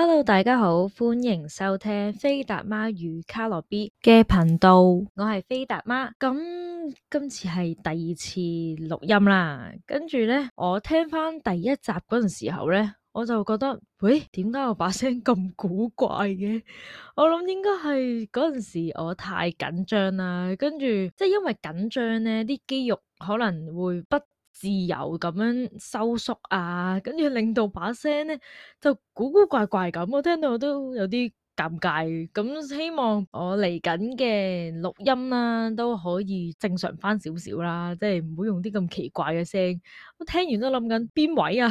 hello，大家好，歡迎收聽菲達媽與卡樂 B 嘅頻道，我係菲達媽，咁今次係第二次錄音啦，跟住呢，我聽翻第一集嗰陣時候呢，我就覺得，喂，點解我把聲咁古怪嘅？我諗應該係嗰陣時我太緊張啦，跟住即係因為緊張呢啲肌肉可能會不。自由咁樣收縮啊，跟住令到把聲呢就古古怪怪咁，我聽到我都有啲尷尬。咁、嗯、希望我嚟緊嘅錄音啦、啊、都可以正常翻少少啦，即係唔好用啲咁奇怪嘅聲。我聽完都諗緊邊位啊，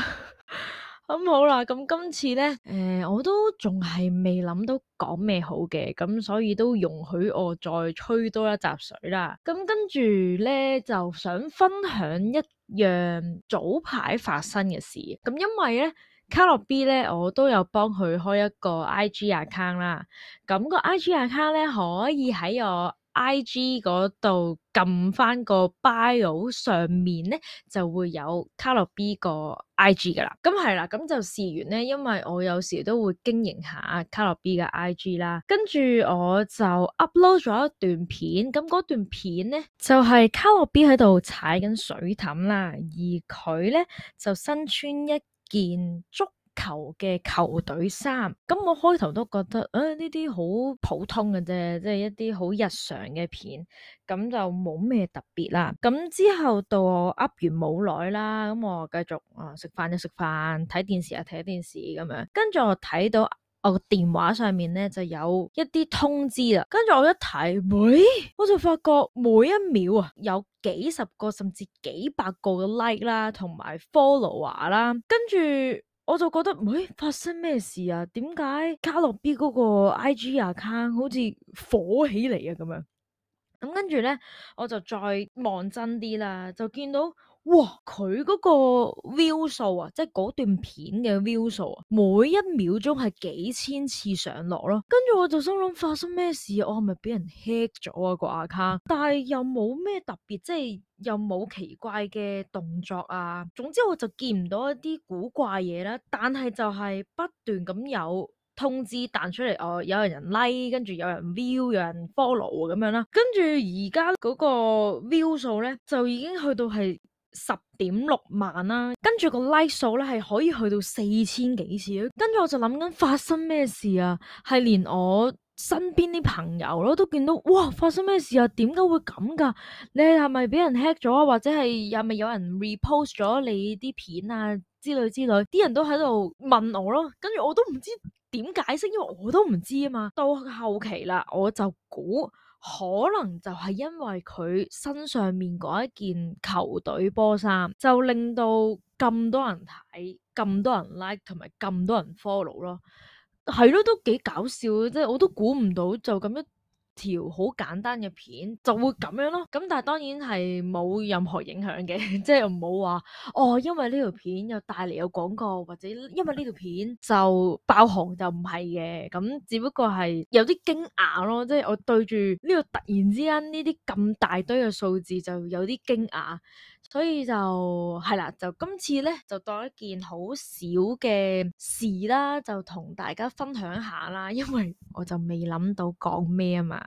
咁、 嗯、好啦。咁、嗯、今次呢，誒、呃，我都仲係未諗到講咩好嘅，咁、嗯、所以都容許我再吹多一集水啦。咁、嗯、跟住呢，就想分享一。讓早排發生嘅事，咁因為咧，卡樂 B 咧，我都有幫佢開一個 I G account 啦，咁、那個 I G account 咧，可以喺我。I G 嗰度撳翻個 bio 上面咧，就會有卡樂 B 個 I G 噶啦。咁係啦，咁就試完咧。因為我有時都會經營下卡樂 B 嘅 I G 啦。跟住我就 upload 咗一段片，咁嗰段片咧就係、是、卡樂 B 喺度踩緊水氹啦，而佢咧就身穿一件竹。球嘅球隊衫，咁我開頭都覺得誒呢啲好普通嘅啫，即係一啲好日常嘅片，咁就冇咩特別啦。咁之後到我 up 完冇耐啦，咁我繼續啊食飯就食飯，睇電視啊睇電視咁樣，跟住我睇到我個電話上面呢，就有一啲通知啦，跟住我一睇，每，哎，我就發覺每一秒啊有幾十個甚至幾百個嘅 like 啦，同埋 follower 啦，跟住。我就覺得，唔誒，發生咩事啊？點解卡樂 B 嗰個 IG account 好似火起嚟啊？咁樣咁跟住呢，我就再望真啲啦，就見到。哇！佢嗰個 view 數啊，即係嗰段片嘅 view 數啊，每一秒鐘係幾千次上落咯。跟住我就心諗，發生咩事啊？我係咪俾人 hack 咗啊個 account？但係又冇咩特別，即係又冇奇怪嘅動作啊。總之我就見唔到一啲古怪嘢啦。但係就係不斷咁有通知彈出嚟。哦，有人 like，跟住有人 view，有人 follow 咁樣啦。跟住而家嗰個 view 數呢，就已經去到係。十點六萬啦，跟住個 like 數咧係可以去到四千幾次，跟住我就諗緊發生咩事啊？係連我身邊啲朋友咯都見到，哇！發生咩事啊？點解會咁噶？你係咪俾人 hack 咗啊？或者係係咪有人 repost 咗你啲片啊之類之類？啲人都喺度問我咯，跟住我都唔知點解釋，因為我都唔知啊嘛。到後期啦，我就估。可能就係因為佢身上面一件球隊波衫，就令到咁多人睇，咁多人 like，同埋咁多人 follow 咯，係咯，都幾搞笑嘅，即係我都估唔到就咁樣。條好簡單嘅片就會咁樣咯，咁但係當然係冇任何影響嘅，即係唔好話哦，因為呢條片又帶嚟有廣告或者因為呢條片就爆紅就唔係嘅，咁只不過係有啲驚訝咯，即係我對住呢個突然之間呢啲咁大堆嘅數字就有啲驚訝，所以就係啦，就今次呢，就當一件好少嘅事啦，就同大家分享下啦，因為我就未諗到講咩啊嘛。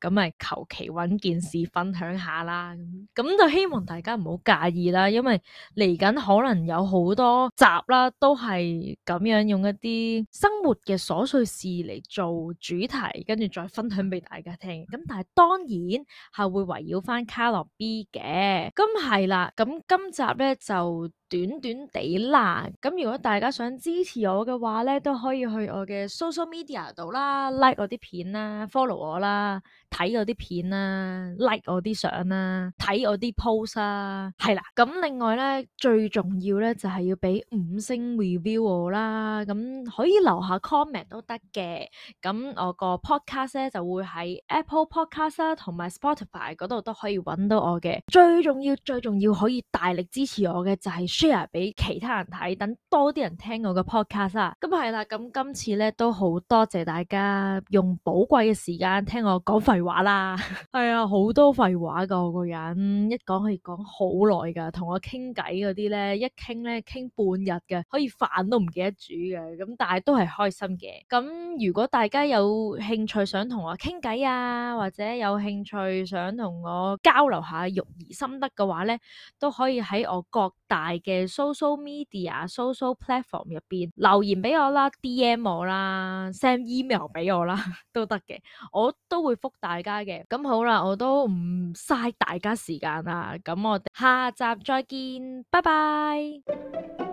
咁咪求其搵件事分享下啦，咁就希望大家唔好介意啦，因為嚟緊可能有好多集啦，都係咁樣用一啲生活嘅瑣碎事嚟做主題，跟住再分享俾大家聽。咁但係當然係會圍繞翻卡樂 B 嘅，咁係啦。咁今集咧就短短地啦。咁如果大家想支持我嘅話咧，都可以去我嘅 social media 度啦，like 我啲片啦，follow 我啦。睇我啲片啦，like 我啲相啦，睇我啲 post 啦、啊，係啦，咁另外咧最重要咧就係、是、要俾五星 review 我啦，咁可以留下 comment 都得嘅，咁我個 podcast 咧就會喺 Apple Podcast 同、啊、埋 Spotify 度都可以揾到我嘅，最重要最重要可以大力支持我嘅就係、是、share 俾其他人睇，等多啲人聽我嘅 podcast 啦、啊，咁係啦，咁今次咧都好多謝大家用寶貴嘅時間聽我講份。廢話啦，係啊、 哎，好多廢話噶，個人一講可以講好耐噶，同我傾偈啲咧，一傾咧傾半日嘅可以飯都唔記得煮嘅，咁但係都係開心嘅。咁如果大家有興趣想同我傾偈啊，或者有興趣想同我交流下育兒心得嘅話咧，都可以喺我各大嘅 social media、social platform 入邊留言俾我啦，DM 我啦，send email 俾我啦，都得嘅，我都會覆。大家嘅，咁好啦，我都唔嘥大家時間啦，咁我哋下集再見，拜拜。